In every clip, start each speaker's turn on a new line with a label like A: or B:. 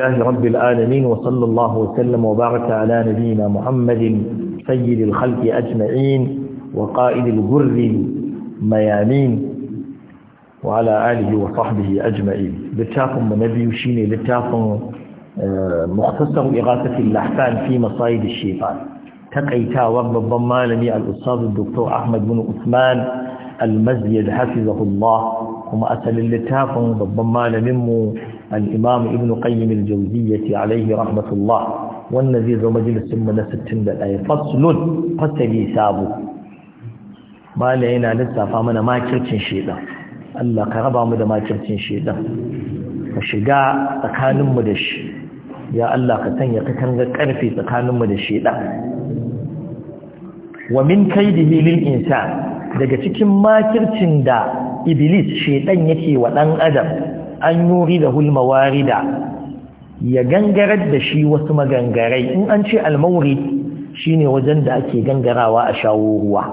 A: الله رب العالمين وصلى الله وسلم وبارك على نبينا محمد سيد الخلق أجمعين وقائد الجر الميامين وعلى آله وصحبه أجمعين لتاف نبي شيني لتاف آه، مختصر إغاثة اللحفان في مصايد الشيطان تقيتا ورب الضمالني الأستاذ الدكتور أحمد بن عثمان المزيد حفظه الله وما أسأل اللتاف ضب مالمي الإمام ابن قيم الجوزية عليه رحمة الله والنزي ذو مجلس من ستين دلائي فصل فصلي سابو ما لينا لسا فامنا ما كرتين شيدا الله كربا مدى ما كرتين شيدا فشقاء تكان مدش يا الله كتن يقتن كرفي تكان مدى شيدا ومن كيده للإنسان daga cikin makircin da iblis shedan yake wa dan adam an yuri da hulma warida ya gangarar da shi wasu magangarai in an ce almauri ne wajen da ake gangarawa a shawo ruwa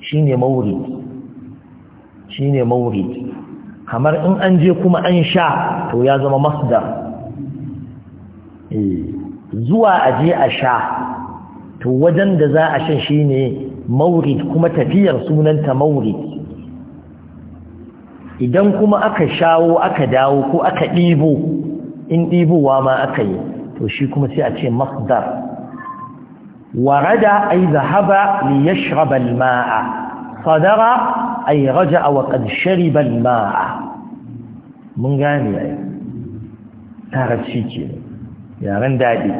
A: shine mauri shine mauri kamar in an je kuma an sha to ya zama masdar eh, zuwa a je a sha to wajen da za a shan ne maurid kuma tafiyar sunanta maurid idan kuma aka shawo aka dawo ko aka ɗibo in ɗibowa ma aka yi to shi kuma sai a ce masdar warada ay zahaba li yashraba al-ma'a sadara ay raja'a wa qad shariba al-ma'a mun gane ai tarabci ke yaran dadi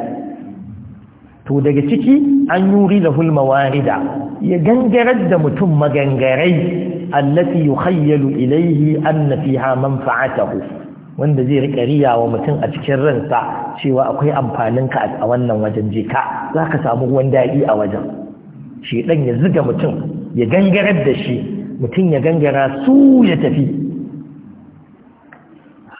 A: to daga ciki an yuri lahul mawarida ya gangarar da mutum magangarai allati yukhayyalu ilayhi anna fiha manfa'atahu wanda zai rika riya wa mutum a cikin ransa cewa akwai amfanin ka a wannan wajen je ka zaka samu ruwan dadi a wajen shi dan ya zuga mutum ya gangara da shi mutum ya gangara su ya tafi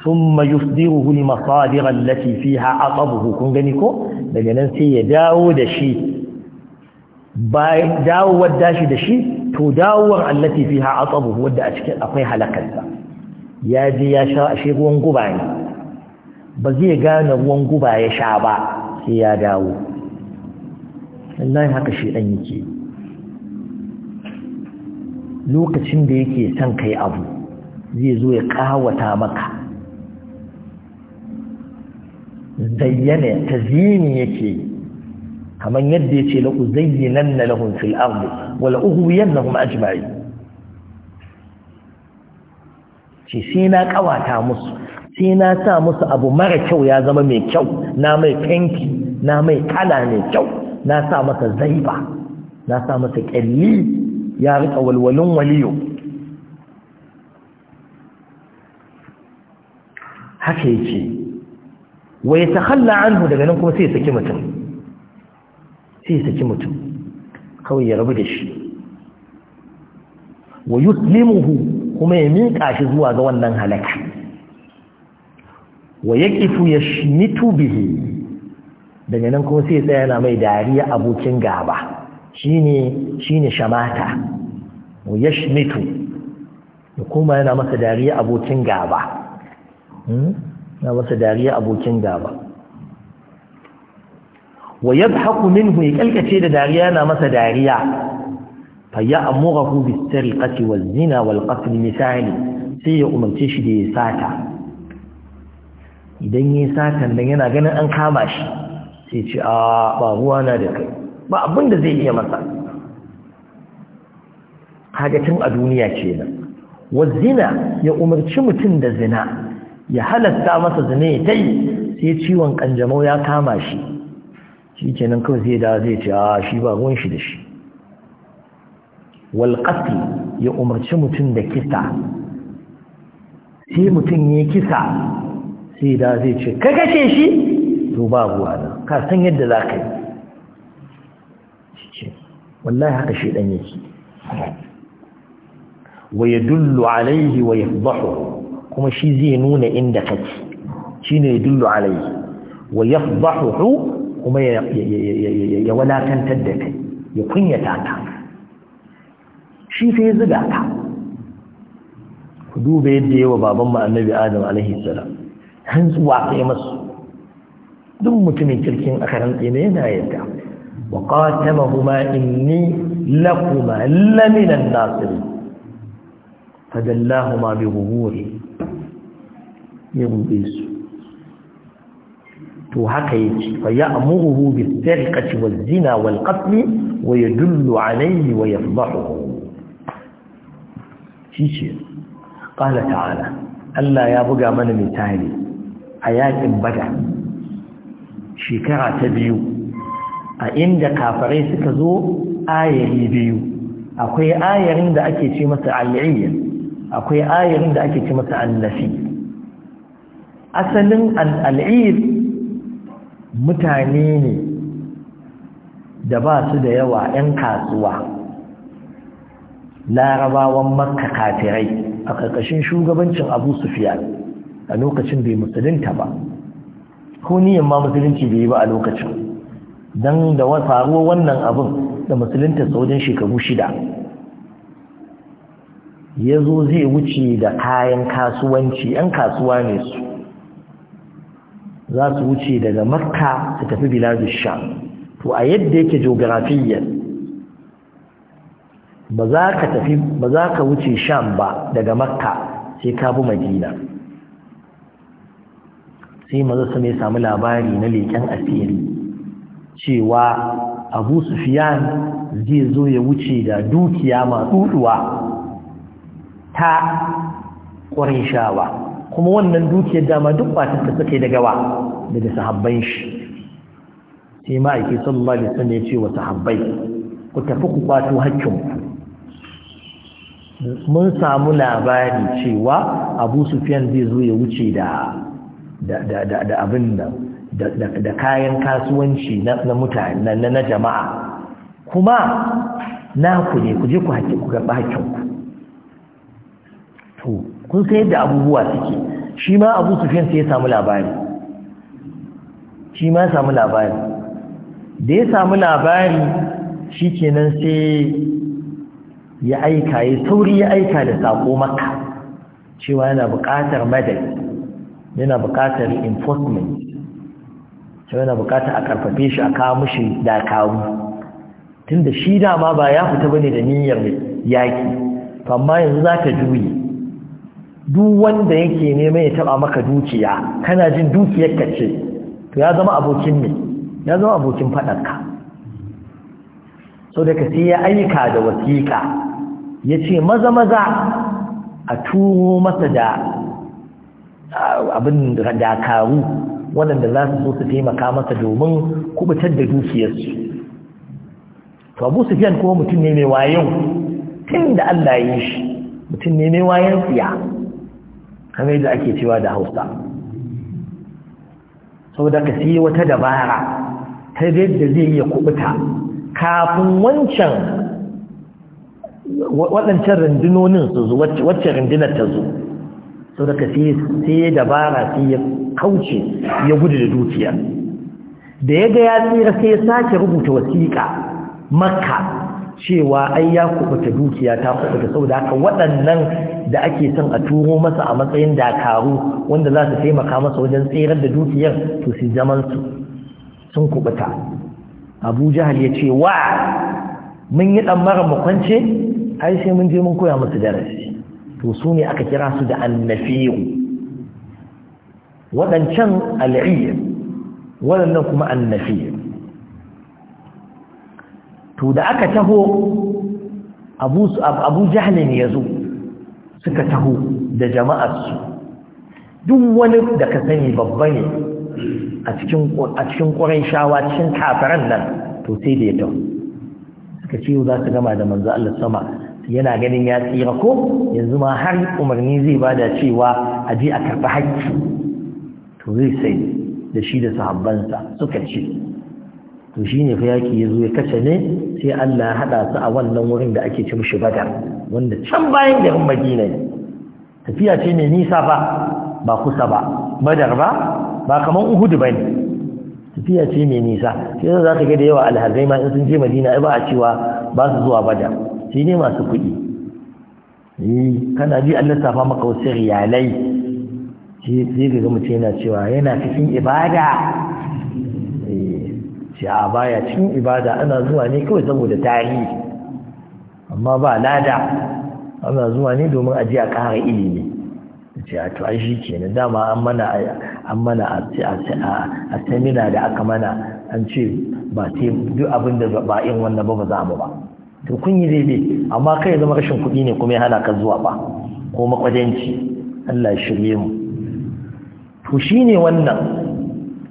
A: ثم يصدره المصادر التي فيها عطبه kun gani ko daga nan sai ya dawo da shi bayan dashi da shi to dawowar allati fiha atabu wadda a cikin akwai halakarsa ya je ya sha ashe ruwan guba ne ba zai gane ruwan guba ya sha ba sai ya dawo wallahi haka shi dan yake lokacin da yake son kai abu zai zo ya kawata maka zayyana tazini yake kamar yadda ya ce la'uzayyinan na lahun fil ardi wa la'uhuwiyan na kuma ajma'i ce sai na kawata musu sai na sa musu abu mara kyau ya zama mai kyau na mai fenki na mai kala mai kyau na sa masa zaiba na sa masa kyalli ya rika walwalin waliyo haka yake wai ta halla anhu daga nan kuma sai ya saki mutum sai saki mutum kawai ya rabu da shi wa yuslimuhu kuma ya miƙa shi zuwa ga wannan halaka wa yaqifu yashmitu bihi daga nan kuma sai tsaya yana mai dariya abokin gaba shine shine shamata wa yashmitu kuma yana masa dariya abokin gaba hmm? na masa dariya abokin gaba wa yadhaku minhu ya kalkace da dariya yana masa dariya fa ya ya'muruhu bis sariqati wal zina wal qatl misali sai ya umarce shi da ya sata idan ya sata nan yana ganin an kama shi sai ce a ba ruwa na da kai ba abinda zai iya masa hagatin a duniya kenan wal zina ya umarci mutum da zina ya halatta masa zina ya tayi sai ciwon kanjamau ya kama shi shi nan kawai zai da zai ce a ah, shi ba ruwan shi da shi walƙafi ya umarci mutum da kisa sai mutum ya kisa sai da zai ce ka kashe shi to ba ruwa na ka san yadda za ka yi shi ce wallahi haka shi ɗan yake wa ya dullu alaihi wa ya kuma shi zai nuna inda kake shi ne ya dullu alaihi wa ya kuma ya wadatantar da kai ya kunyata ka shi sai zuga ka ku duba yadda yawa baban mu annabi adam alaihi salam hantsuwa kai masu duk mutumin kirkin aka rantsi ne yana yadda wa qatamahuma inni lakuma laminan nasirin fadallahuma bi ghururi ya rubesu to haka yake fa ya'muruhu bis-sirqati waz-zina wal-qatl wa yadullu alayhi wa yafdahu shi qala ta'ala Allah ya buga mana misali a yakin bada shekara ta biyu a inda kafirai suka zo ayari biyu akwai ayarin da ake ce masa al'iyya akwai ayarin da ake ce masa annafi asalin al'iyya mutane ne da ba su da yawa 'yan kasuwa larabawan makka kafirai a ƙarƙashin shugabancin abu sufiyan a lokacin bai musulunta ba ko niyan ma musulunci bai yi ba a lokacin don da faruwa wannan abin da musulunta saujin shekaru shida ya zo zai wuce da kayan kasuwanci 'yan kasuwa ne su za su wuce daga makka su tafi biladun sham to a yadda yake geografiyyar ba za ka ba za ka wuce sham ba daga makka sai ka bi madina sai maza su mai samu labari na leƙen asiri cewa abu sufiyan zai zo ya wuce da dukiya masu ta ƙwarin shawa kuma wannan dukiyar dama duk ba ta suka da gawa daga sahabban shi sai ma'aiki sallallahu alaihi wasallam ya ce wa sahabbai ku tafi ku kwato hakkin mun samu labari cewa abu sufyan zai zo ya wuce da da abin da da kayan kasuwanci na mutane na jama'a kuma na ku ne ku je ku hakki ku ku to kun san yadda abubuwa suke shi ma abu su sai ya samu labari shi ma ya samu labari da ya samu labari shi kenan sai ya aika ya sauri ya aika da sako maka cewa yana buƙatar madadi yana buƙatar enforcement cewa yana buƙatar a ƙarfafe shi a kawo mushi kawo tun da shi dama ba ya fita bane da niyyar yaƙi amma yanzu za ta juyi duk wanda yake neman ya taba maka dukiya kana jin dukiyar ka ce to ya zama abokin ne ya zama abokin ka so daga sai ya aika da wasiƙa ya ce maza maza a turo masa da abin dakaru waɗanda za su su taimaka masa domin kubutar da dukiyarsu to abu sufiyan kuma mutum ne mai wayo tun da allah ya yi shi mutum ne mai wayan tsiya kamar yadda ake cewa da hausa saboda ka siye wata dabara ta yadda zai iya kubuta kafin wancan waɗancan rundunonin su zo wacce rundunar ta zo saboda ka sai dabara sai ya kauce ya gudu da dukiyar da ya ga ya tsira sai ya sake rubuta wasiƙa makka cewa ai ya kubuta dukiya ta kubuta saboda haka waɗannan da ake son a turo masa a matsayin dakaru wanda za su taimaka masa wajen tseren da dukiyar to su zaman su sun kubuta abu jahal ya ce wa mun yi dan mara makwance ai sai mun je mun koya musu darasi to su ne aka kira su da annafiyu waɗancan al'iyya waɗannan kuma annafiyu to da aka taho abu abu jahlin ya zo suka taho da su duk wani da ka sani babba ne a cikin ƙwarai shawa cikin kafiran nan to sai da ya taho suka ce za su gama da manzo Allah sama yana ganin ya tsira ko yanzu ma har umarni zai bada cewa a je a karɓi haƙƙi to zai sai da shi da sahabbansa suka ce to ne fa yaki ya zo ya kace ne sai Allah ya hada su a wannan wurin da ake ci mushi badar wanda can bayan garin Madina ne tafiya ce mai nisa ba ba kusa ba badar ba ba kaman Uhud bane tafiya ce mai nisa sai za ka ga da yawa alhazai ma in sun je Madina ai ba a cewa ba su zuwa badar sai ne masu kuɗi eh kana ji Allah safa maka wasu riyalai sai ga mutum yana cewa yana cikin ibada ce a baya cikin ibada ana zuwa ne kawai saboda tarihi amma ba lada ana zuwa ne domin a je a ƙara ilimi ce a to shi kenan dama an mana a semina da aka mana an ce ba sai duk abin da ba in wannan ba ba za mu ba to kun yi zai amma kai zama rashin kuɗi ne kuma ya hana ka zuwa ba ko makwadanci Allah shirye mu to shi ne wannan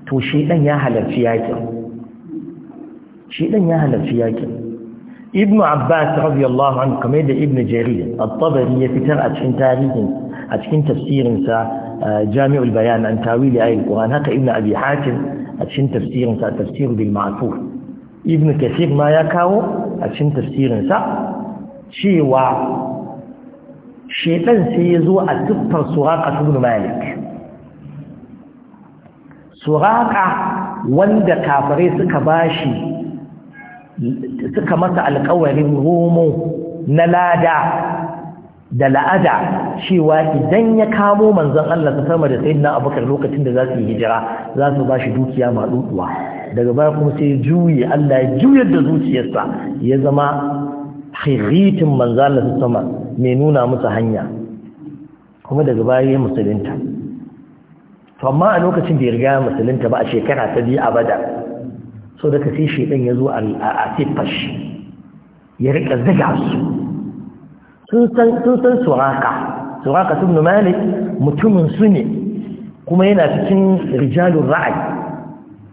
A: to shi dan ya halarci yakin shi ɗan ya halarci yaƙin ibnu abbas radiyallahu anhu kamar da ibnu jarir at-tabari ya fitar a cikin tarihin a cikin sa eh, jami'ul bayan an tawili ayil qur'an haka ibnu abi hatim a cikin tafsirinsa tafsir bil ma'thur ibnu kathir ma ya kawo a cikin sa cewa shaitan sai ya zo a tuffar suraka ibn malik suraka wanda kafare suka bashi suka masa alkawarin romo na lada da la'ada cewa idan ya kamo manzon Allah ta sama da sayyidina Abubakar lokacin da za su yi hijira za su shi dukiya maɗuɗuwa daga baya kuma sai juyi Allah ya juyar da zuciyarsa ya zama khiritin manzan Allah ta sama mai nuna musu hanya kuma daga baya ya musulunta to amma a lokacin da ya riga musulunta ba a shekara ta biyu abada. so daga sai shaidan ya zo a siffar ya riƙa zaga su sun san suraka suraka sun malik mutumin su ne kuma yana cikin rijalun ra'ayi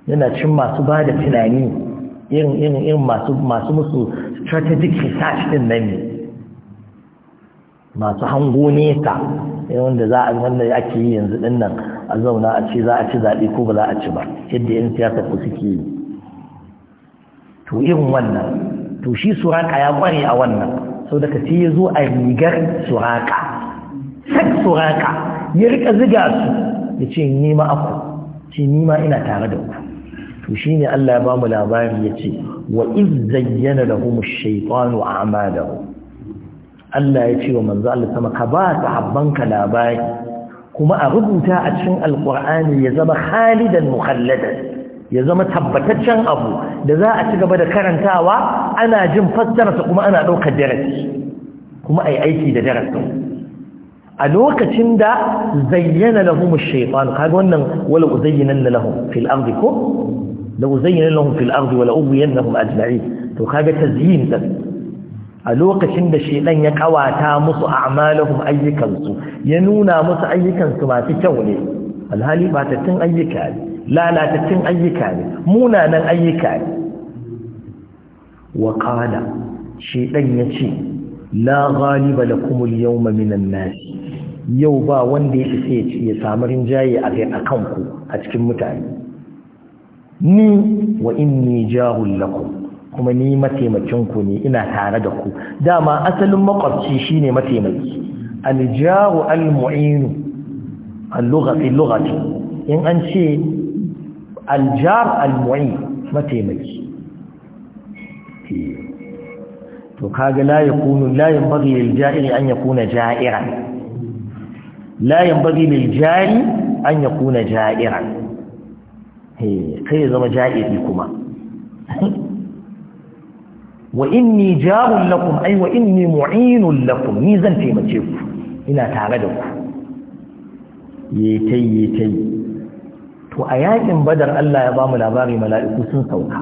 A: yana cikin masu ba da tunani irin masu musu strategic research din nan ne masu hango nesa eh, wanda za a wanda ake yi yanzu dinnan a zauna a ce za a ci zaɓe ko ba za a ci ba yadda 'yan siyasa ku suke yi to irin wannan to shi suraka ya kware a wannan sau daga sai ya zo a rigar suraka
B: sak suraka ya rika
A: ziga su ya ce ni ma aku ce ni ma ina tare da ku to shi ne Allah ya ba mu labari ya ce wa iz zayyana lahum ash-shaytanu a'malahum Allah ya ce wa manzo Allah sama ka ba sahabbanka labari kuma a rubuta a cikin alqur'ani ya zama khalidan mukhalladan ya zama tabbataccen abu da za a ci gaba da karantawa ana jin fassararsa kuma ana ɗaukar darasi kuma a yi aiki da darasin a lokacin da zayyana lahum shaytan kaga wannan wala uzayyana lahum fil ardi ko la uzayyana lahum fil ardi wala ughwiyannahum ajma'in to kaga tazyin da a lokacin da shaytan ya kawata musu a'malahum ayyukansu ya nuna musu ayyukansu masu kyau ne alhali ba ta tattun ayyuka ne lalatattun ayyuka ne munanan ayyuka ne wa qala shi ya yace la ghaliba lakum kuma yawma minan nasi, yau ba wanda ya isa ya samu rinjaye a kai ku a cikin mutane ni wa inni jahul lakum kuma ni mataimakin ku ne ina tare da ku dama asalin makwabci shine mataimaki al-jahu al-mu'inu al in an ce aljar almu'i mataimaki to kaga la yakunu la yanbaghi lil ja'iri an yakuna ja'iran la yanbaghi lil jari an yakuna ja'iran kai ya zama ja'iri kuma wa inni jarun lakum ay wa inni mu'inun lakum ni zan taimake ku ina tare da ku yayi tayi yayi to a yakin badar Allah ya ba mu labari mala'iku sun sauka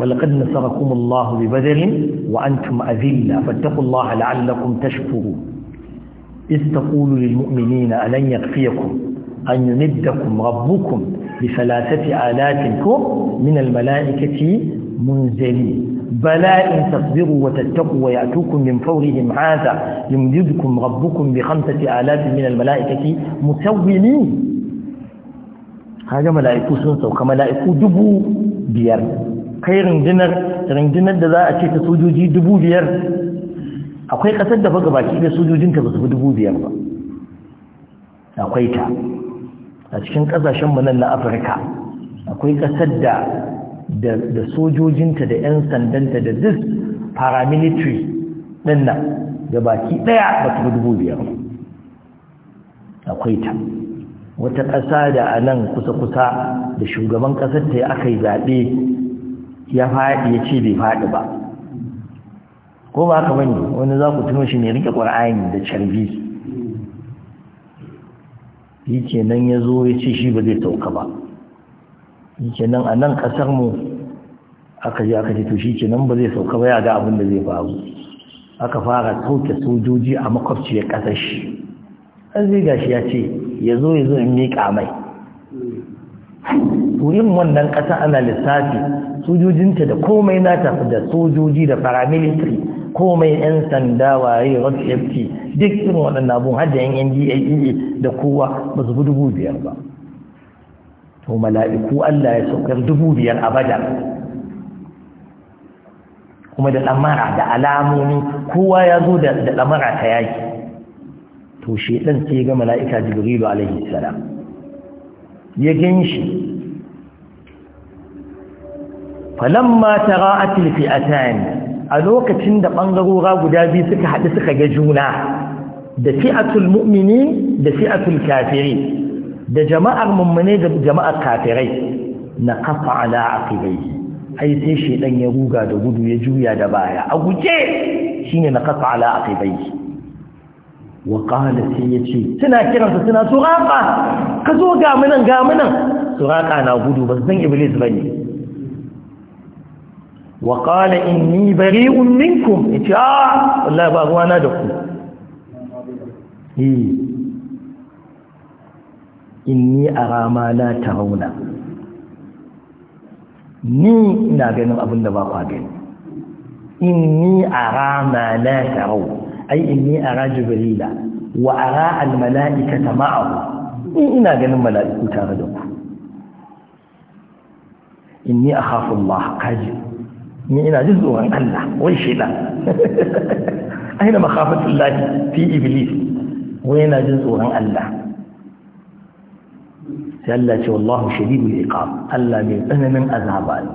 A: ولقد نصركم الله ببدر وأنتم أذلة فاتقوا الله لعلكم تشكروا إذ تقول للمؤمنين ألن يكفيكم أن يمدكم ربكم بثلاثة آلات من الملائكة منزلين بلى إن تصبروا وتتقوا ويأتوكم من فورهم هذا يمددكم ربكم بخمسة آلاف من الملائكة مسومين kaga mala'iku sun sauka mala'iku dubu biyar kai rundunar rundunar da za a ce ta sojoji dubu biyar akwai kasar da faga baki da sojojinta ba su dubu biyar ba akwai ta a cikin kasashen mu nan na afirka akwai kasar da da sojojinta da 'yan sandanta da dis paramilitary din nan da baki ɗaya ba su bi dubu biyar akwai ta wata ƙasa da a nan kusa-kusa da shugaban ƙasar ta yi aka yi zaɓe ya faɗi ya ce bai faɗi ba ko ba haka bane wani za ku tuno shi ne rike ƙwar'ani da carbi yi kenan ya zo ya ce shi ba zai sauka ba yi kenan a nan ƙasarmu aka je aka ce to shi kenan ba zai sauka ba ya ga abin da zai faru aka fara sauke sojoji a makwabciyar ƙasar shi an zai gashi ya ce ya zo ya zo in miƙa mai turin wannan ƙasa ana lissafi sojojinta da komai na tafi da sojoji da paramilitary komai 'yan sanda waye rfft duk irin waɗanda abun har da 'yan ndlea e e da kowa ba su dubu biyar ba to mala'iku allah ya saukar dubu biyar a bada kuma da ɗamara da alamomi kowa ya zo da ɗamara ta yaki to shedan sai ga mala'ika jibrilu alaihi salam ya ganshi falamma tara'atil fi'atan a lokacin da ɓangarora guda biyu suka haɗu suka ga juna da fi'atul mu'minin da fi'atul kafirin da jama'ar mummune da jama'ar kafirai na kafa ala aqibai ai sai shedan ya ruga da gudu ya juya da baya a guje shine na kafa ala aqibai wa qala sai yace suna kiransa suna suraka ka zo ga munan ga munan suraka na gudu ba san iblis bane wa qala inni bari'un minkum yace ah wallahi ba ruwana da ku eh inni arama ma la tarawna ni ina ganin abin da ba kwa gani inni arama ma la tarawna ai inni ara jibrila wa ara al mala'ikata ma'ahu in ina ganin mala'iku tare da ku inni akhafu Allah kaji ni ina jin tsoron Allah wai shedan aina makhafatullah fi iblis wai ina jin tsoron Allah sai Allah ce wallahu shadidul iqab Allah mai tsananin azaba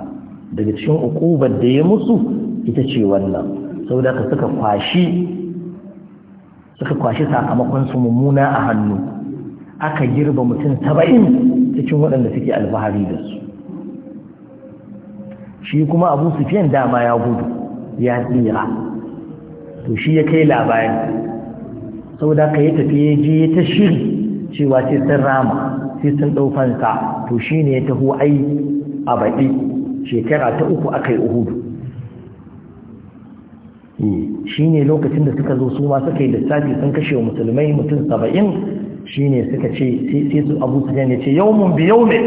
A: daga cikin ukubar da ya musu ita ce wannan saboda ka suka kwashi suka kwashi sakamakon su mummuna a hannu aka girba mutum saba'in cikin waɗanda suke alfahari da su shi kuma abu sufiyan dama ya gudu ya tsira to shi ya kai labarin saboda ka yi ya je ta shiri cewa sai sun rama sai sun ɗaufansa to shi ne ya taho ai a baɗi shekara ta uku aka yi uhudu eh. shine lokacin da suka zo su ma suka yi lissafi sun kashe wa musulmai mutum saba'in shine suka ce sai su abu su ne ce yau mun biyo ne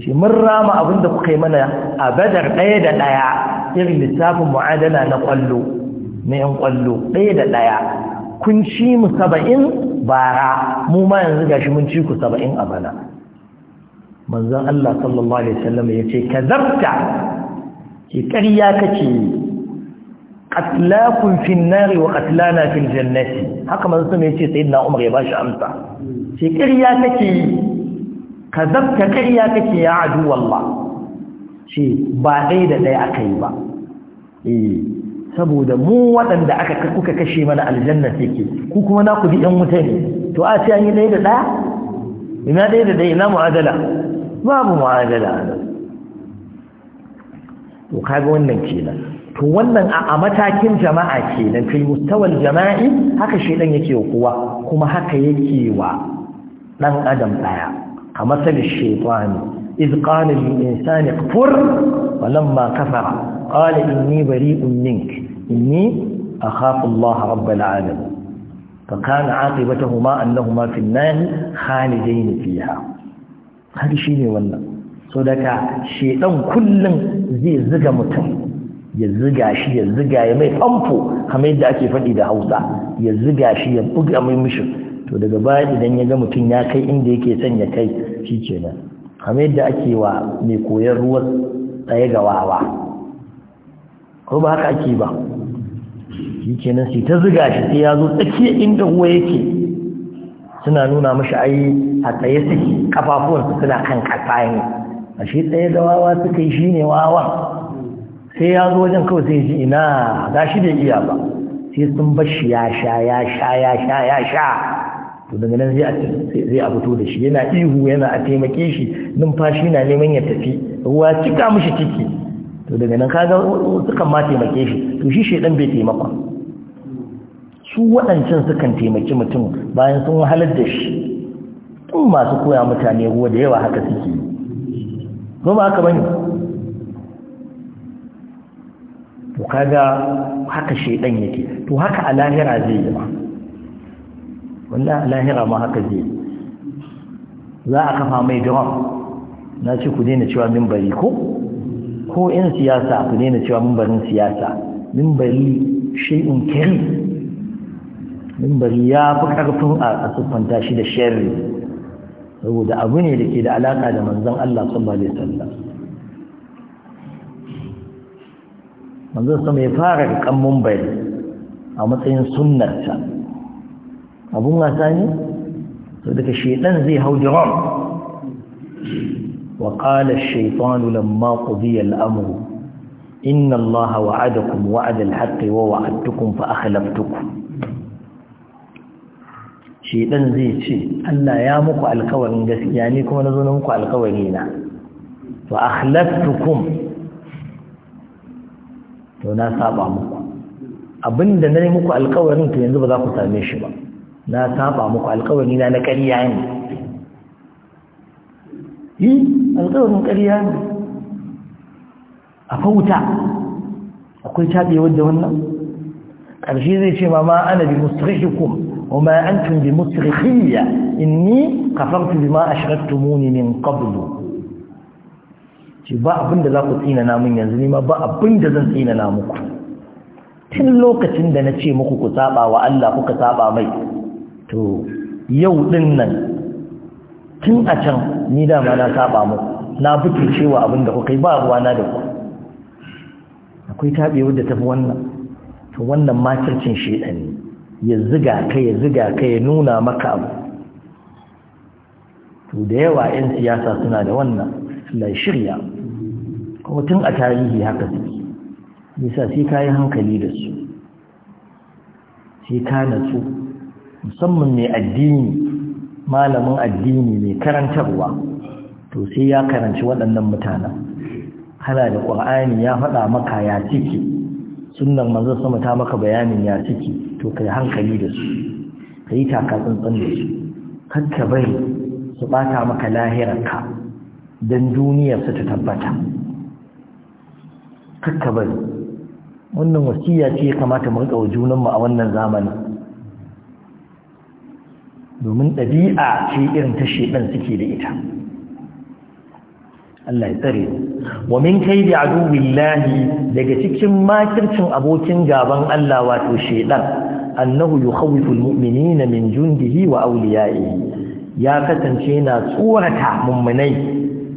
A: ce mun rama abin da kuka yi mana a badar ɗaya da ɗaya irin lissafin mu'adala na ƙwallo na yan ƙwallo ɗaya da ɗaya kun ci mu saba'in bara mu ma yanzu gashi mun ci ku saba'in a bana manzon Allah sallallahu alaihi wasallam ya ce kazabta ki ƙarya kake qatlakun fin wa qatlana fil jannati haka manzo sun yace sayyidina umar ya bashi amsa ce ƙarya kake kazabta ƙarya kake ya adu wallah ce ba dai da dai akai ba eh saboda mu waɗanda aka kuka kashe mana aljanna take ku kuma na ku bi ɗan wuta ne to a ce an yi dai da ɗaya ina dai da dai ina mu'adala babu mu'adala to kaga wannan kenan to wannan a matakin jama'a kenan fil mustawal jama'i haka shedan yake wa kowa kuma haka yake wa dan adam daya a masalin shaytani iz qala lil insani kfur walamma kafara qala inni bari'un mink inni akhafu Allah rabbal alamin فكان عاقبتهما أنهما في النار خالدين فيها هذا شيء ne wannan so daga shedan kullun zai zuga mutum ya ziga shi ya ziga ya mai famfo kamar yadda ake faɗi da hausa ya ziga shi ya buga mai mishi to daga baya idan ya ga mutum ya kai inda yake son ya kai shi kenan kamar yadda ake wa mai koyar ruwa tsaye ga wawa ko ba haka ake ba shi sai ta ziga shi sai ya zo tsakiya inda ruwa yake suna nuna mashi ai a tsaye suke kafafuwansu suna kan kasa ne ashe tsaye da wawa suka shine wawan sai ya zo wajen kawai sai ji ina ga shi bai iya ba sai sun bar shi ya sha ya sha ya sha ya sha to daga nan zai a fito da shi yana ihu yana a taimake shi numfashi na neman ya tafi ruwa cika mishi
B: ciki to
A: daga nan kaga sukan ma taimake shi to shi shedan bai taimaka su waɗancan sukan taimaki mutum bayan sun wahalar da shi tun masu koya mutane ruwa da yawa haka suke yi ba haka bane to kaga haka shedan yake to haka a lahira zai yi ba wallahi a lahira ma haka zai yi za a kafa mai drum na ce ku daina cewa mimbari ko ko in siyasa ku daina cewa mimbarin siyasa mimbari shay'un kiri mimbari ya fi karfin a siffanta shi da sharri saboda abu ne da ke da alaka da manzon Allah sallallahu alaihi wasallam manzo sama ya fara kan mumbai a matsayin sunnarsa abun wasa ne to daga shedan zai hau jiran wa qala ash-shaytanu lamma qudiya al-amru inna allaha wa'adakum wa'ada al-haqqi wa wa'adtukum fa akhlaftukum shedan zai ce Allah ya muku alkawarin gaskiya ni kuma na zo na muku alkawari na wa akhlaftukum to na saba muku abinda na muku alƙawarin to yanzu ba za ku same shi ba na saba muku alƙawari na na ƙarya ne yi alƙawarin ƙarya ne a fauta akwai taɓewar da wannan ƙarshe zai ce ma ma ana bi musrihikum wa ma antum bi musrihiyya inni kafartu bima ashraktumuni min qablu ce ba abin da za ku tsina namun yanzu ne ma ba abin da zan tsina na muku tun lokacin da na ce muku ku saba wa Allah kuka saba mai to yau din nan tun a can ni dama na saba muku na buke cewa abin da kuka yi ba na da ku akwai taɓewar da tafi wannan to wannan makircin shedan ya ziga ka ya ziga ka ya nuna maka abu to da yawa 'yan siyasa suna da wannan Allah shirya kuma tun a tarihi haka suke nisa sai ka yi hankali da su sai ka natsu musamman mai addini malamin addini mai karantarwa to sai ya karanci waɗannan mutanen hana da ƙur'ani ya faɗa maka ya ciki sunan manzo sama ta maka bayanin ya ciki to kai hankali da su kai taka tsantsan da su kakka bari su ɓata maka lahirarka don duniyar su ta tabbata kakka bari wannan wasiya ce ya kamata mu riƙa wa junanmu a wannan zamani domin ɗabi'a ce irin ta shedan suke da ita Allah ya tsare wa min kaidi aduwillahi daga cikin makircin abokin gaban Allah wato shedan annahu yukhawifu almu'minina min jundihi wa awliya'ihi ya kasance na tsorata mummunai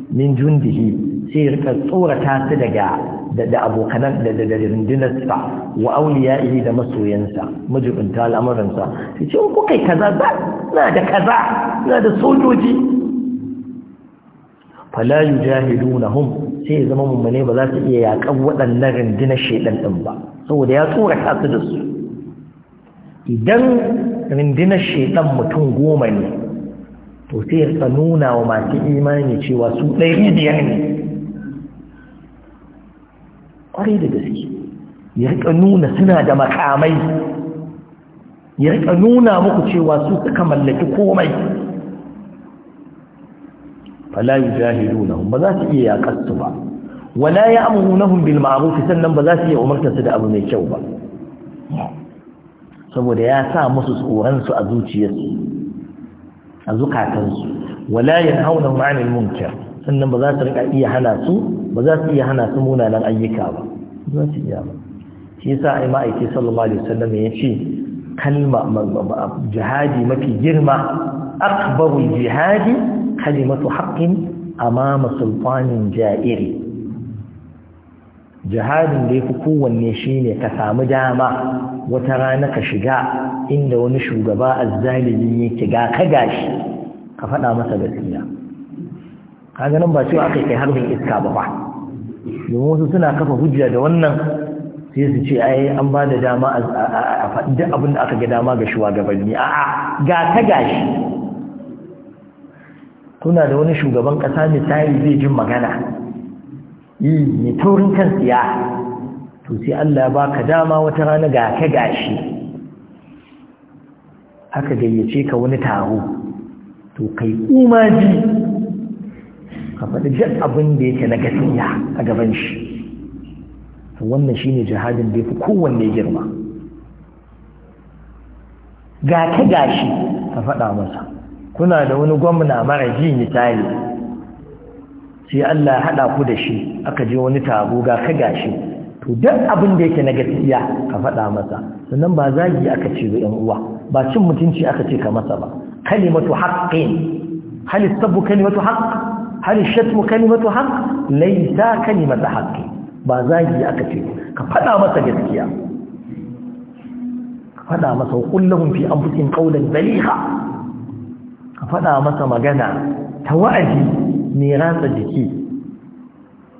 A: min jundihi sai ya rika tsorata su daga da abokanan da da rundunarsa wa auliya'ihi da masoyansa majibinta al'amuransa sai ce ku kai kaza za na da kaza na da sojoji fala yujahidunahum sai ya zama mummune ba za su iya yaƙan waɗannan rundunar shedan ɗin ba saboda ya tsorata su da su idan rundunar shedan mutum goma ne to sai ya nuna wa masu imani cewa su ɗaya biyar ne kwarai da gaske ya rika nuna suna da makamai ya rika nuna muku cewa su suka mallaki komai fala yujahidunahum ba za su iya yakar ba wala ya'murunahum bil ma'ruf sannan ba za su iya umarta su da abu mai kyau ba saboda ya sa musu tsoron su a zuciyarsu a zukatansu wala yanhaunahum 'anil munkar sannan ba za su rika iya hana su ba za su iya hana su munanan ayyuka ba za su iya ba shi yasa ai ma'aiki sallallahu alaihi wasallam ya ce kalma jihadi mafi girma akbarul jihadi kalimatu haqqin amama sultanin ja'iri jihadin da yafi kowanne shine ka samu dama wata rana ka shiga inda wani shugaba azzalimi yake ga ka gashi ka faɗa masa gaskiya kaga nan ba cewa aka kai harbin iska ba ba domin wasu suna kafa hujja da wannan sai su ce ai an ba da dama a faɗi abin da aka ga dama ga shugabanni a'a ga ta gashi kuna da wani shugaban ƙasa misali zai jin magana yi mai taurin kan siya to sai Allah ya baka dama wata rana ga ka gashi aka gayyace ka wani taro to kai kuma ji. ka faɗi duk abin da yake na gaskiya a gaban shi wannan shine jihadin da fi kowanne girma ga ta gashi ka faɗa masa kuna da wani gwamna mara ji misali sai Allah ya haɗa ku da shi aka je wani taro ga ka gashi to duk abin da yake na gaskiya ka faɗa masa sannan ba zagi aka ce ga 'yan uwa ba cin mutunci aka ce ka masa ba kalimatu haqqin hal sabu kalimatu haqq hal shatmu kalimatu haqq laysa kalimatu haqq ba zagi aka ce ka fada masa gaskiya ka fada masa kullum fi anfusin qawlan baliha ka fada masa magana ta wa'azi ne ratsa jiki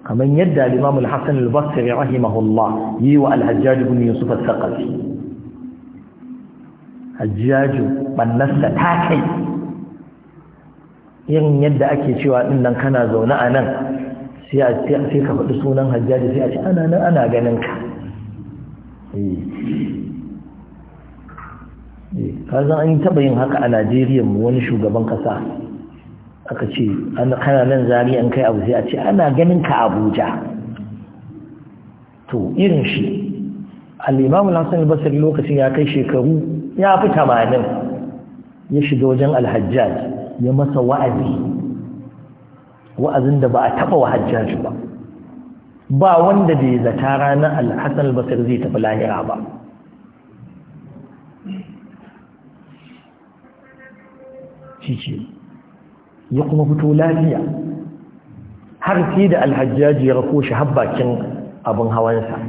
A: kamar yadda al-Imam al-Hasan al-Basri rahimahullah yi wa al-Hajjaj ibn Yusuf al-Thaqafi Hajjaj bannasta ta kai irin yadda ake cewa din nan kana zaune a nan sai a ka faɗi sunan hajjaji sai a ce ana nan ana ganin ka eh. eh, kazan an yi taɓa yin haka a najeriya mu wani shugaban ƙasa aka ce kana nan zari an kai abu sai a ce ana ganin ka abuja to irin shi al'imamun hassan basir lokacin ya kai shekaru ya fi tamanin ya shiga wajen alhajjaji. ya masa wa'azi wa'azin da ba a taɓa wa hajjaji ba ba wanda bai zata ranar alhassan albasir zai tafi lahira ba shi ya kuma fito lafiya har sai da alhajjaji ya rako shi habbakin abin hawansa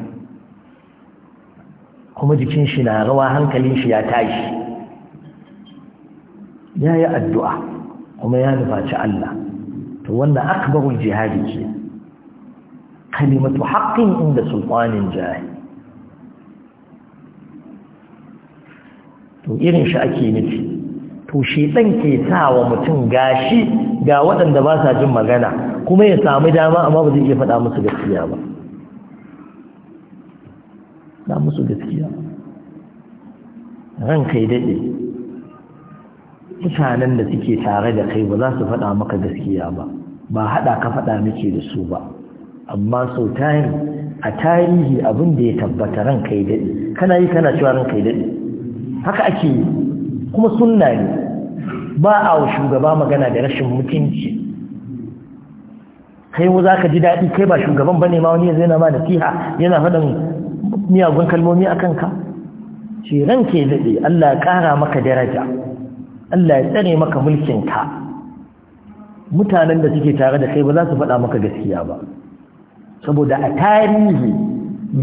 A: kuma jikin shi na rawa hankalin shi ya tashi ya yi addu'a kuma ya nufaci Allah to wannan akbarul jihadi ce kalimatu haqqin inda sultanin jahi to irin shi ake nufi to shedan ke sa wa mutum gashi ga waɗanda ba sa jin magana kuma ya samu dama amma ba zai iya faɗa musu gaskiya ba da musu gaskiya ran kai daɗe mutanen da suke tare da kai ba za su faɗa maka gaskiya ba ba haɗa ka faɗa muke da su ba amma so tayin a tarihi abin da ya tabbata ran kai daɗi kana yi kana cewa ran kai daɗi haka ake yi kuma sunna ne ba a wa shugaba magana da rashin mutunci kai mu za ka ji daɗi kai ba shugaban ba ne ma wani zai na ma nasiha yana faɗin miyagun kalmomi a kanka shi ran kai daɗe Allah ya ƙara maka daraja Allah ya tsare maka mulkin ka mutanen da suke tare da kai ba za su faɗa maka gaskiya ba saboda a tarihi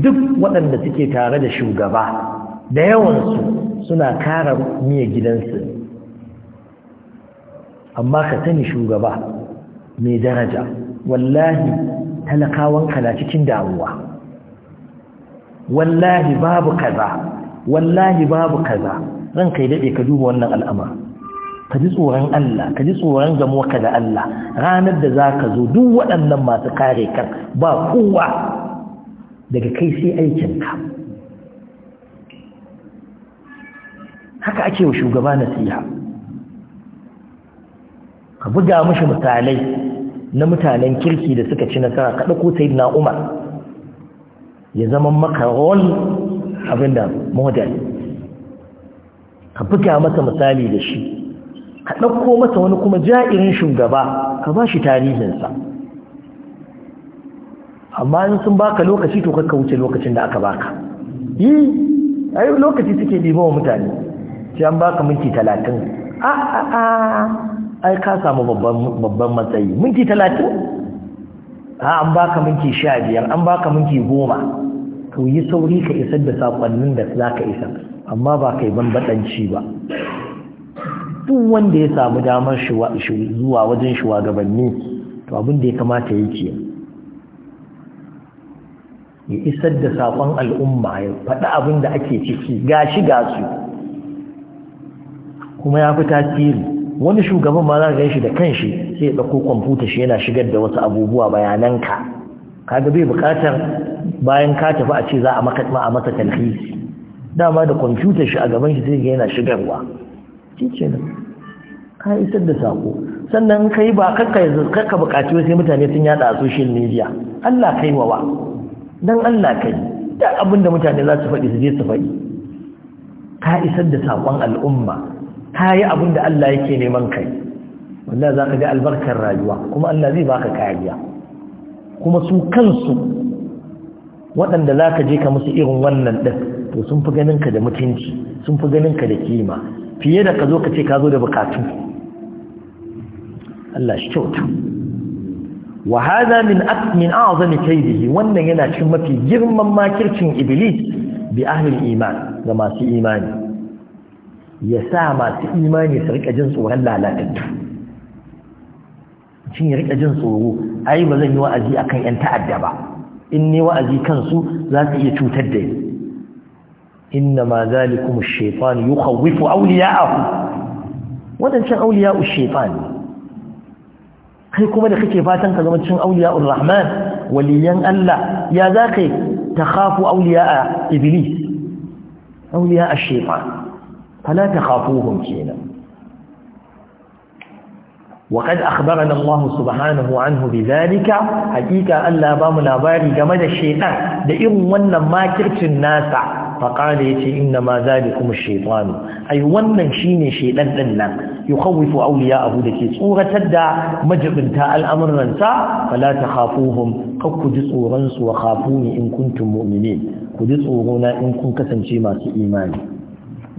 A: duk waɗanda suke tare da shugaba da yawansu suna kara miya gidansu amma ka sani shugaba mai daraja wallahi talakawanka na cikin damuwa wallahi babu kaza wallahi babu kaza ran kai daɗe ka duba wannan al'amar ka ji tsoron Allah ka ji tsoron gamuwarka da Allah ranar da za ka zo duk waɗannan masu kare kan ba kowa daga kai sai aikin ka. haka ake wa shugaba nasiha ka buga mashi misalai na mutanen kirki da suka ci nasara ka ɗauko sai na umar ya zama maka rol abinda model ka buga masa misali da shi ka ɗauko masa wani kuma ja'irin shugaba ka ba shi tarihinsa amma in sun baka lokaci to kakka wuce lokacin da aka baka yi a yi lokaci suke bi wa mutane sai an baka minti talatin
B: a a a
A: ai ka samu babban matsayi minti talatin a an baka minti sha biyar an baka minti goma to yi sauri ka isar da saƙonnin da za ka isar amma ba ka yi banbaɗanci ba duk wanda ya samu damar zuwa wajen shugabanni to abin da ya kamata ya ce ya isar da saƙon al'umma ya faɗi abin da ake ciki ga shi ga su kuma ya fi tasiri wani shugaban ma za gan shi da kanshi sai ya ɗauko kwamfuta shi yana shigar da wasu abubuwa bayananka kaga bai bukatar bayan ka tafi a ce za a maka a masa talhisi dama da kwamfuta shi a gaban shi sai yana shigarwa shi ka isar da sako sannan kai ba kakka yanzu bukaci sai mutane sun yada a social media Allah kai wa dan Allah kai da abin mutane za su faɗi su je su faɗi ka isar da sakon al'umma ka yi abin da Allah yake neman kai wallahi za ka ga albarkar rayuwa kuma Allah zai baka kariya kuma su kansu waɗanda za ka je ka musu irin wannan ɗin to sun fi ganinka da mutunci sun fi ganinka da kima fiye da ka zo ka ce ka zo da bukatu Allah shi kyauta wa hada min min a'zami kaydihi wannan yana cikin mafi girman makircin iblis bi ahli iman ga masu imani ya sa masu imani su rika jin tsoron lalatattu shin ya rika jin tsoro ai ba zan yi wa'azi akan yan ta'adda ba in ni wa'azi kansu za su iya cutar da ni إنما ذلكم الشيطان يخوف أولياءه wadancan auliya'u shaitan kai kuma da kake fatan ka zama cikin auliya'ur rahman waliyan Allah ya zaka takhafu auliya'a iblis auliya'a shaitan fala takhafuhum kenan وقد أخبرنا الله سبحانه عنه بذلك حقيقة labari game da جمد da irin wannan makircin nasa. faƙali ya ce inda ma za da kuma shekwano ai wannan shi ne shekwanɗin nan yi kawifu auliya abu da ke tsoratar da majabinta al’amuransa ba la ta hafuhun kar ku ji tsoron wa hafu ne in kuntun mummine ku ji tsorona in kun kasance masu imani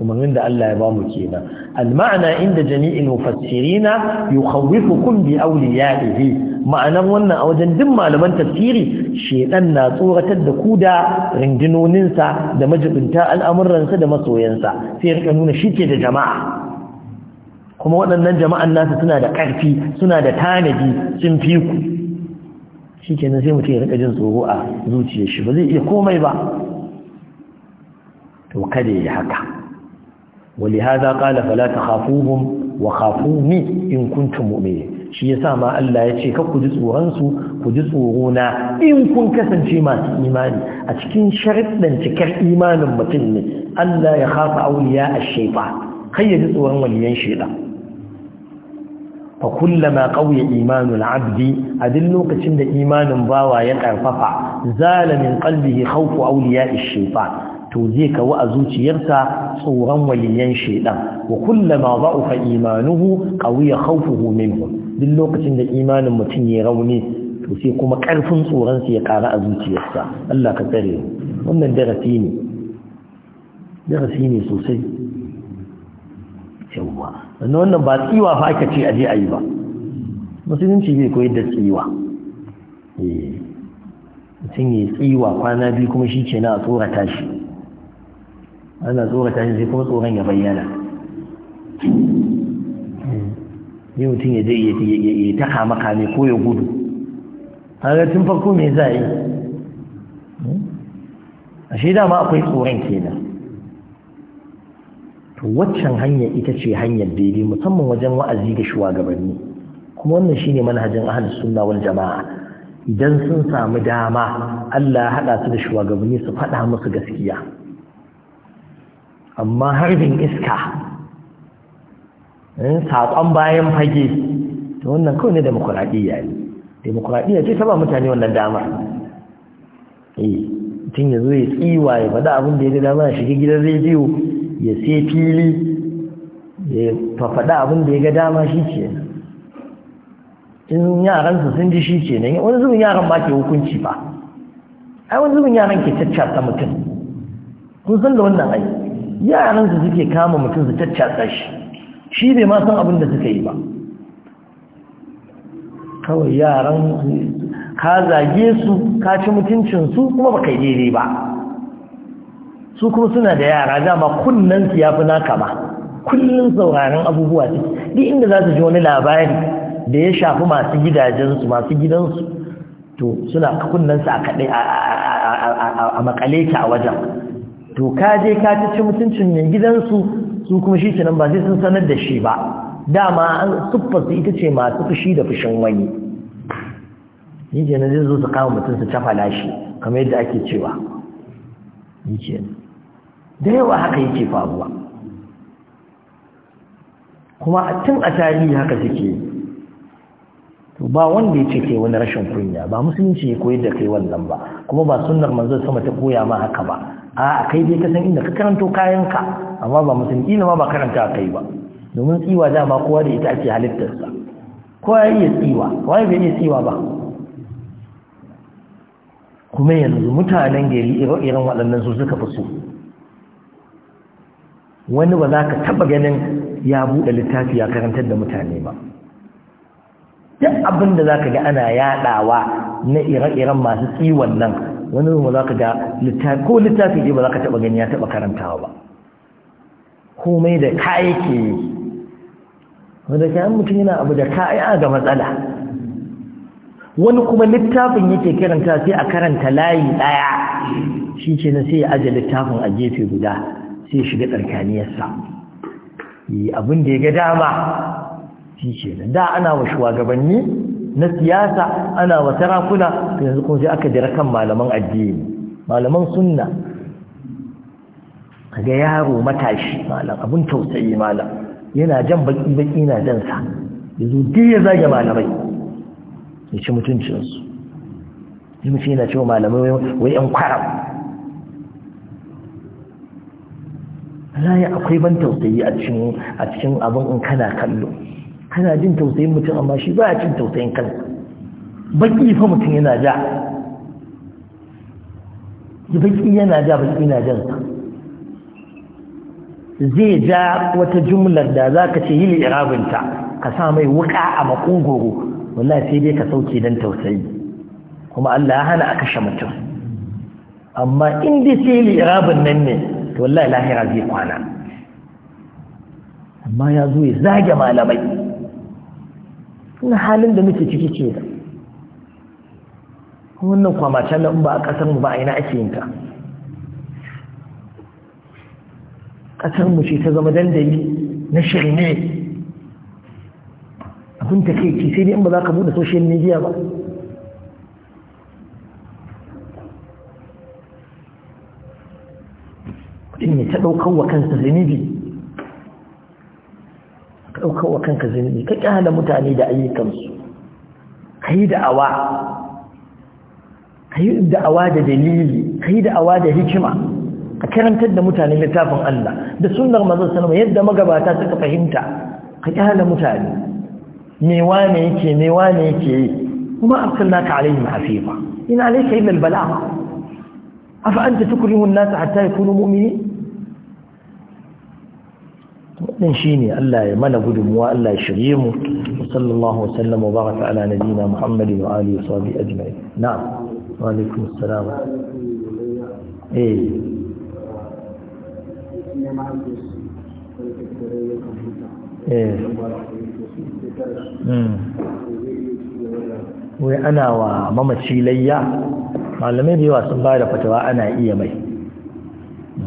A: umarnin da Allah ya ba mu kenan al-ma'ana inda jami'in mufassirina yukhawifukum bi awliya'ihi Ma'anar wannan a wajen duk malaman tafsiri shedan na tsoratar da ku da rindinoninsa da majibinta al'amuransa da masoyansa sai rika nuna shi ke da jama'a kuma waɗannan jama'an nasu suna da ƙarfi suna da tanadi sun fi ku shi kenan sai mutum ya rika jin tsoro a zuciyar shi ba zai iya komai ba to kada ya haka ولهذا قال فلا تخافوهم وخافوني إن كنتم مؤمنين shi yasa ma Allah ya ce ku ji tsoronsu ku ji tsorona in kun kasance masu imani a cikin sharuɗan cikar imanin mutum ne Allah ya kafa auliya a shaifa kai ya ji tsoron waliyan shaiɗa fa kullama qawya imanul abdi a duk lokacin da imanin bawa ya karfafa zala min qalbihi khawfu awliya ash-shaytan to zai kawo a zuciyarsa tsoron waliyan shaidan wa kullama da'ufa imanuhu qawiya khawfuhu minhu duk lokacin da imanin mutum ya rauni to sai kuma karfin tsoron sa ya ƙara a zuciyarsa Allah ka tsare wannan darasi ne darasi ne sosai yawa wannan ba tsiwa fa aka ce aje ayi ba musulunci bai koyar da tsiwa eh. mutum ya tsiwa kwana biyu kuma shi ke na a tsorata shi ana tsorata shi kuma tsoron ya bayyana yi mutum ya zai yi ta kama kame ko ya gudu haka tun farko me za yi a shi dama akwai tsoron kenan to waccan hanya ita ce hanyar daidai musamman wajen wa'azi da shugabanni kuma wannan shine manhajin ahal sunna wal jama'a idan sun samu dama Allah ya haɗa su da shugabanni su faɗa musu gaskiya amma harbin iska in eh, saƙon bayan fage ta wannan kawai ne demokuraɗiyya ne demokuraɗiyya ce ta ba mutane wannan damar eh tun ya zo ya tsiwa ya faɗa abin da ya ga dama ya shiga gidan rediyo ya sai fili ya faɗa abin da ya ga dama shi ce in yaransu sun ji shi ce ne wani zubin yaran ba ke hukunci ba ai wani zubin yaran ke caccata mutum kun san da wannan aiki yaran su suke kama mutum su tattasa shi shi bai ma san abin da suka yi ba kawai yaran ka zage su ka ci mutuncin su kuma baka yi daidai ba su kuma suna da yara dama kunnen su yafi naka ba kullum sauraron abubuwa suke duk inda za su ji wani labari da ya shafi masu gidajensu masu gidansu to suna kunnensu a kaɗai a makale ta a wajen to ka je ka ci mutuncin mai gidansu su kuma shi nan ba sai sun sanar da shi ba dama an su ita ce masu fushi da fushin wani yi ke nan zai zo su kama mutum su cafa lashi kamar yadda ake cewa yi ke da yawa haka yake faruwa kuma tun a tarihi haka suke yi to ba wanda ya ce kai wani rashin kunya ba musulunci ya koyar da kai wannan ba kuma ba sunnar manzo sama ta koya ma haka ba a kai dai ka san inda ka karanto kayanka amma ba musulunci ma ba karanta kai ba domin tsiwa ba kowa da ita ake halittarsa kowa ya iya tsiwa ko bai iya tsiwa ba kuma yanzu mutanen gari irin waɗannan su suka fi so wani ba za ka taɓa ganin ya buɗe littafi ya karantar da mutane ba duk abin da zaka ga ana yadawa na ire-iren masu tsiwon nan wani ruwa zaka ga ko littafi ne ba zaka taba gani ya taba karantawa ba komai da ka yake wanda kayan mutum yana abu da ka a ga matsala wani kuma littafin yake karanta sai a karanta layi daya shi ce na sai ya aje littafin a gefe guda sai shiga tsarkaniyarsa abin da ya ga dama shi ke da ana wa shugabanni na siyasa ana wa sarakuna yanzu kuma sai aka jira kan malaman addini malaman sunna kaga yaro matashi malam abun tausayi malam yana jan baki baki na jan sa yanzu duk ya zage malamai ya ci mutuncinsu ya mutum yana cewa malamai wai yan kwaram ya akwai ban tausayi a cikin abin in kana kallo kana jin tausayin mutum amma shi ba cin tausayin kansa baki fa mutum yana ja baki yana ja baki yana jansa zai ja wata jumlar da za ka ce yi li'irabinta ka sa mai wuka a makogoro wallahi sai dai ka sauke don tausayi kuma Allah ya hana a kashe mutum amma in dai sai irabin nan ne to wallahi lahira zai kwana amma ya zo ya zage malamai suna halin da muke ciki ce da wannan kwamacen da ba a ƙasar mu ba a ina ake yin ta ƙasar mu ce ta zama dandali na shirme abin ta kai sai dai in ba za ka buɗe social media ba mutum ya ta ɗaukar wa kansa zunubi ɗaukar wa kanka zunubi ka ƙyala mutane da ayyukansu ka yi da'awa ka yi da'awa da dalili ka yi da'awa da hikima ka karantar da mutane littafin Allah da sunnar mazan sanarwa yadda magabata suka fahimta ka ƙyala mutane mewa ne yake mewa ne yake yi kuma naka ka alaihi ba. ina ka yi lalbala afa an ta tukurin nasa hatta ya kunu mu'mini wannan shine Allah ya mana gudunmuwa Allah ya shirye mu sallallahu wasallam wa baraka ala nabiyina Muhammad wa alihi wa sahbihi ajma'in na'am wa alaikum assalam
B: eh, eh. Hmm.
A: wai ana wa mamaci layya malamai da yawa sun ba da fatawa ana iya mai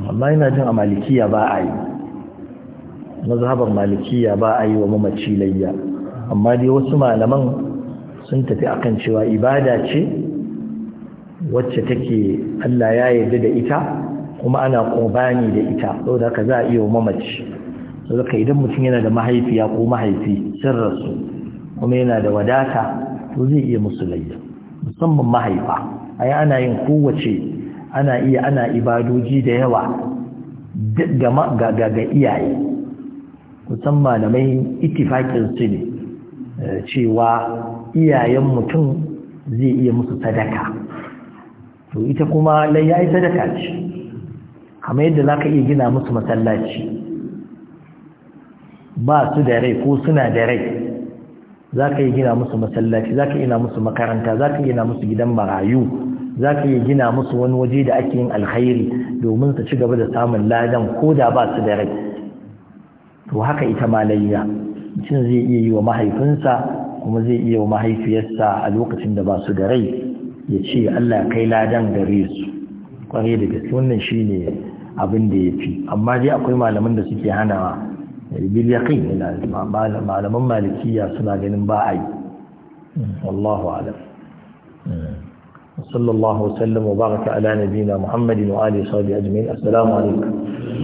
A: amma ina jin a malikiya ba a yi mazhabar malikiya ba a yi wa mamaci layya amma dai wasu malaman sun tafi akan cewa ibada ce wacce take Allah ya yarda da ita kuma ana kobani da ita saboda haka za a iya wa mamaci saboda idan mutum yana da mahaifiya ko mahaifi sirrasu kuma yana da wadata to zai iya musu layya musamman mahaifa ai ana yin kowace ana iya ana ibadoji da yawa ga iyaye kusan malamai itifakin su ne eh, cewa iyayen mutum zai iya musu sadaka to ita kuma layya ai sadaka ce kamar yadda za ka iya gina musu masallaci ba su da rai ko suna da rai za ka iya gina musu masallaci za ka iya musu makaranta za ka iya musu gidan marayu za ka iya gina musu wani waje da ake yin alkhairi domin su ci gaba da samun ladan ko da ba su da rai to haka ita ma layya mutum zai iya yi wa mahaifinsa kuma zai iya wa mahaifiyarsa a lokacin da ba su da rai ya ce Allah kai ladan gare su kwarai da gaske wannan shine abin da ya fi amma dai akwai malaman da suke hanawa eh, bil yaqin malaman malikiya suna ganin ba a yi hmm, wallahu alam hmm. sallallahu wa sallam wa baraka ala nabina muhammadin wa alihi wa sahbihi ajma'in assalamu alaikum